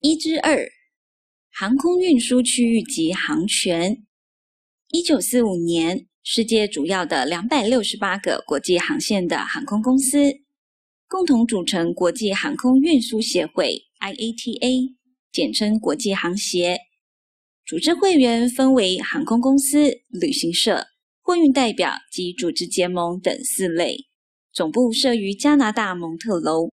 一之二、航空運輸區域及航權。一九四五年，世界主要的兩百六十八個國際航線的航空公司共同組成國際航空運輸協會 （IATA），簡稱國際航協。組織會員分為航空公司、旅行社、貨運代表及組織結盟等四類，總部設於加拿大蒙特婁。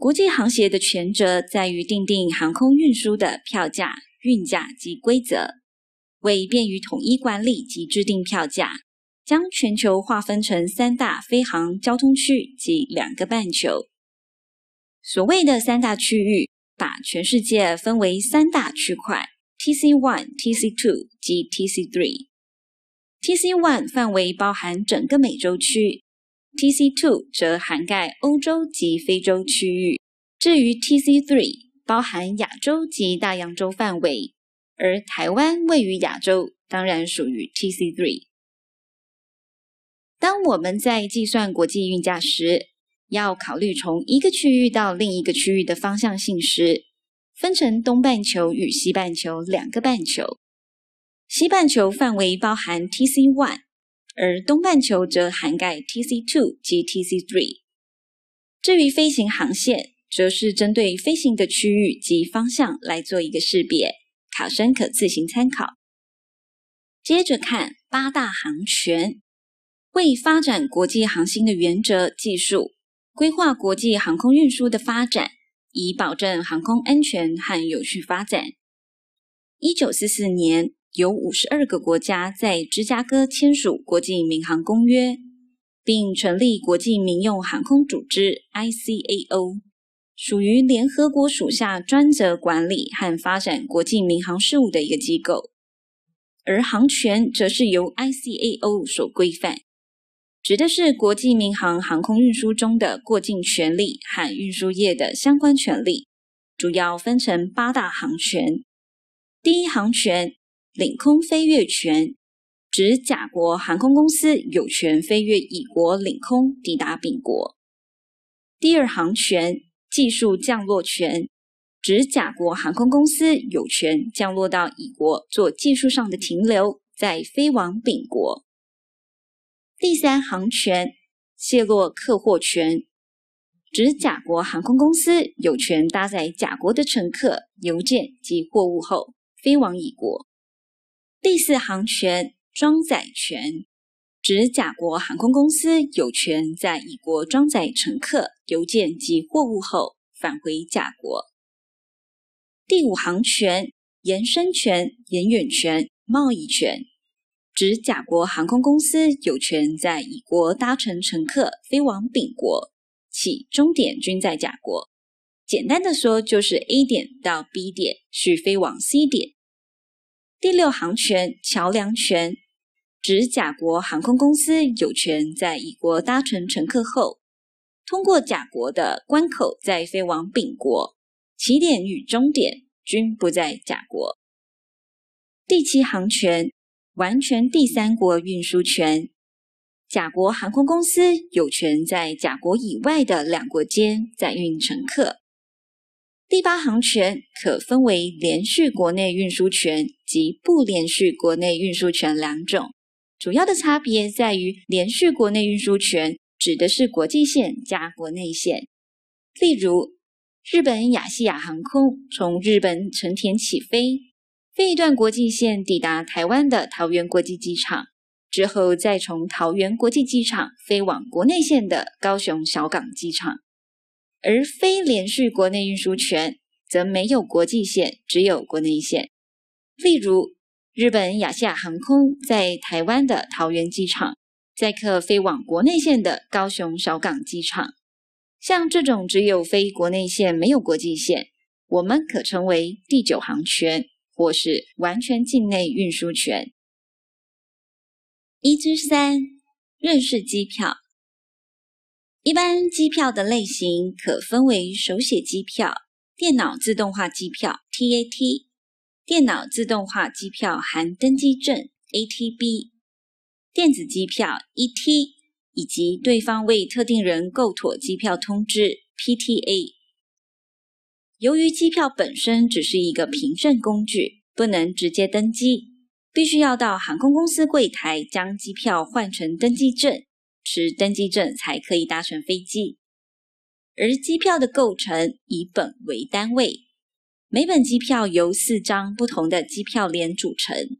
國際航協的權責在於訂定航空運輸的票價、運價及規則。為便於統一管理及制定票價，將全球劃分成三大飛航交通區及兩個半球。所謂的三大區域，把全世界分為三大區塊：T C One、T C Two 及 T C Three。T C One 範圍包含整個美洲區。TC Two 則涵蓋歐洲及非洲區域，至於 TC Three 包含亞洲及大洋洲範圍，而台灣位於亞洲，當然屬於 TC Three。當我們在計算國際運價時，要考慮從一個區域到另一個區域的方向性時，分成東半球與西半球兩個半球。西半球範圍包含 TC One。而東半球則涵蓋 TC2 及 TC3。至於飛行航線，則是針對飛行的區域及方向來做一個識別，考生可自行參考。接着看八大航權，為發展國際航行的原則、技術、規劃國際航空運輸的發展，以保證航空安全和有序發展。一九四四年。有五十二個國家在芝加哥簽署國際民航公約，並成立國際民用航空組織 （ICAO），屬於聯合國屬下專責管理和發展國際民航事務的一個機構。而航權則是由 ICAO 所規範，指的是國際民航航空運輸中的過境權利和運輸業的相關權利，主要分成八大航權。第一航權。領空飛越權，指甲國航空公司有權飛越乙國領空，抵達丙國。第二航權，技術降落權，指甲國航空公司有權降落到乙國做技術上的停留，再飛往丙國。第三航權，卸落客貨權，指甲國航空公司有權搭載甲國的乘客、郵件及貨物後，飛往乙國。第四航權裝載權，指甲國航空公司有權在乙國裝載乘客、郵件及貨物後返回甲國。第五航權延伸權、延遠權、貿易權，指甲國航空公司有權在乙國搭乘乘客飛往丙國，起終點均在甲國。簡單的說，就是 A 點到 B 點，續飛往 C 點。第六航權，橋梁權，指甲國航空公司有權在乙國搭乘乘客後，通過甲國的關口再飛往丙國，起點與終點均不在甲國。第七航權，完全第三國運輸權，甲國航空公司有權在甲國以外的兩國間載運乘客。第八航權可分為連續國內運輸權。及不連續國內運輸權兩種，主要的差別在於連續國內運輸權指的是國際線加國內線，例如日本亞細亞航空從日本成田起飛，飛一段國際線抵達台灣的桃園國際機場，之後再從桃園國際機場飛往國內線的高雄小港機場，而非連續國內運輸權則沒有國際線，只有國內線。例如，日本亞夏航空在台灣的桃園機場載客飛往國內線的高雄小港機場，像這種只有飛國內線沒有國際線，我們可稱為第九航權或是完全境內運輸權。一之三認識機票，一般機票的類型可分為手寫機票、電腦自動化機票 （TAT）。電腦自動化機票含登機證 （ATB）、電子機票 （ET） 以及對方為特定人購妥機票通知 （PTA）。由於機票本身只是一個憑證工具，不能直接登機，必須要到航空公司櫃檯將機票換成登機證，持登機證才可以搭乘飛機。而機票的構成以本為單位。每本機票由四張不同的機票聯組成，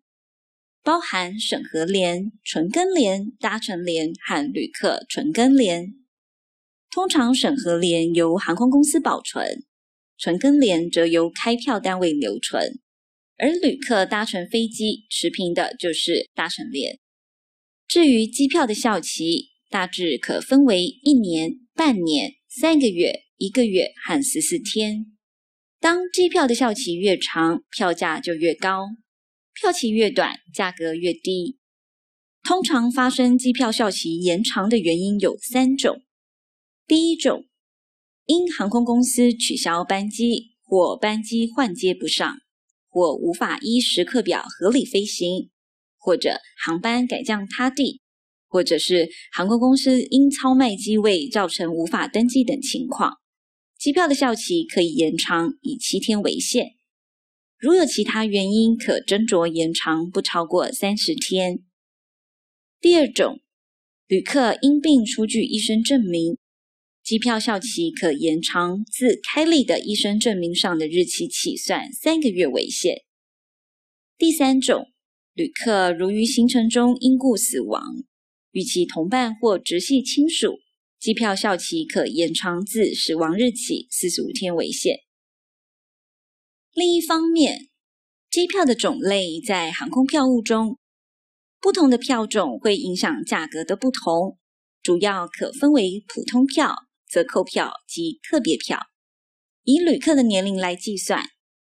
包含審核聯、存根聯、搭乘聯和旅客存根聯。通常，審核聯由航空公司保存，存根聯則由開票單位留存。而旅客搭乘飛機持憑的就是搭乘聯。至於機票的效期，大致可分為一年、半年、三個月、一個月和十四天。當機票的效期越長，票價就越高；票期越短，價格越低。通常發生機票效期延長的原因有三種：第一種，因航空公司取消班機或班機換接不上，或無法依時刻表合理飛行，或者航班改降他地，或者是航空公司因超賣機位造成無法登機等情況。機票的效期可以延長，以七天為限。如有其他原因，可斟酌延長，不超過三十天。第二種，旅客因病出具醫生證明，機票效期可延長自開立的醫生證明上的日期起算三個月為限。第三種，旅客如於行程中因故死亡，與其同伴或直系親屬。機票效期可延長自死亡日起四十五天為限。另一方面，機票的種類，在航空票務中，不同的票種會影響價格的不同，主要可分為普通票、折扣票及特別票。以旅客的年齡來計算，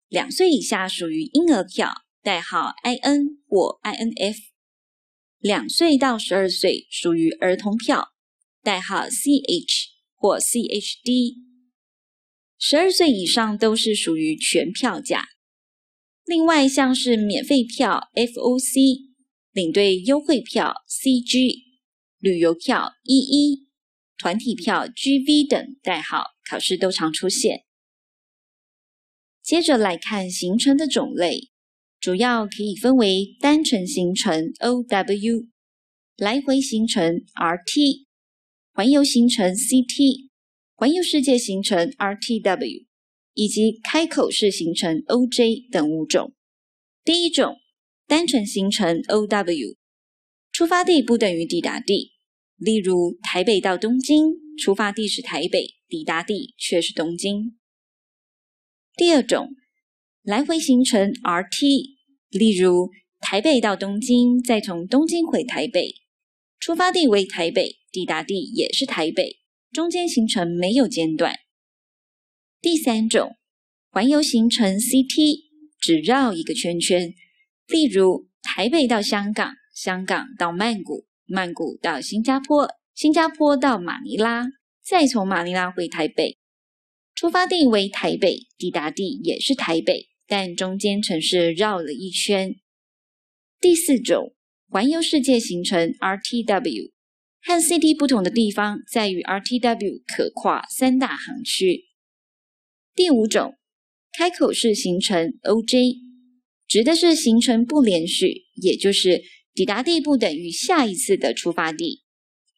兩歲以下屬於嬰兒票，代號 IN 或 INF；兩歲到十二歲屬於兒童票。代號 CH 或 CHD，十二歲以上都是屬於全票價。另外像是免費票 FOC，領隊優惠票 CG，旅遊票 EE，團體票 GV 等代號，考試都常出現。接着來看行程的種類，主要可以分為單程行程 OW，來回行程 RT。環遊形成 CT，環遊世界形成 RTW，以及開口式形成 OJ 等物種。第一種單純形成 OW，出發地不等於抵達地，例如台北到東京，出發地是台北，抵達地卻是東京。第二種來回形成 RT，例如台北到東京，再從東京回台北，出發地為台北。抵達地也是台北，中間行程沒有間斷。第三種環遊行程 CT，只繞一個圈圈，例如台北到香港，香港到曼谷，曼谷到新加坡，新加坡到馬尼拉，再從馬尼拉回台北。出發地為台北，抵達地也是台北，但中間城市繞了一圈。第四種環遊世界行程 RTW。和 CT 不同的地方，在於 RTW 可跨三大航區。第五種，開口式行程 OJ，指的是行程不連續，也就是抵達地不等於下一次的出發地。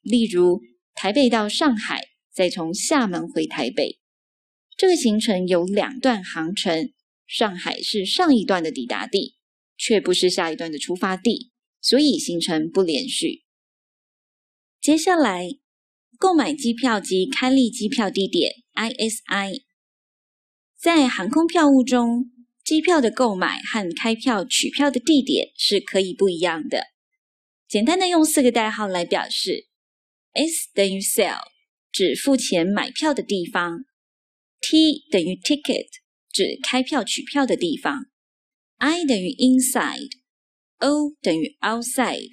例如，台北到上海，再從廈門回台北，這個行程有兩段航程，上海是上一段的抵達地，卻不是下一段的出發地，所以行程不連續。接下來，購買機票及開立機票地點 （ISI）。在航空票務中，機票的購買和開票取票的地點是可以不一樣的。簡單的用四個代號來表示：S 等於 Sell，指付錢買票的地方；T 等於 Ticket，指開票取票的地方；I 等於 Inside，O 等於 Outside，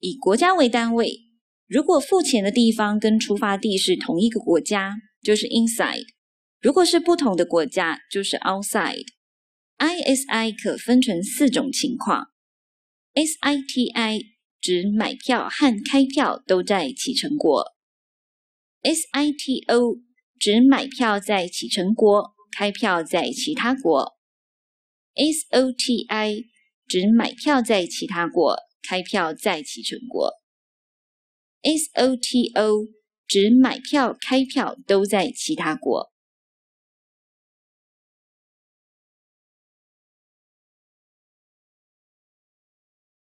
以國家為單位。如果付錢的地方跟出發地是同一個國家，就是 inside；如果是不同的國家，就是 outside。ISI 可分成四種情況：SITI 指買票和開票都在啟程國；SITO 指買票在啟程國，開票在其他國；SOTI 指買票在其他國，開票在啟程國。S, S O T O 指買票、開票都在其他國。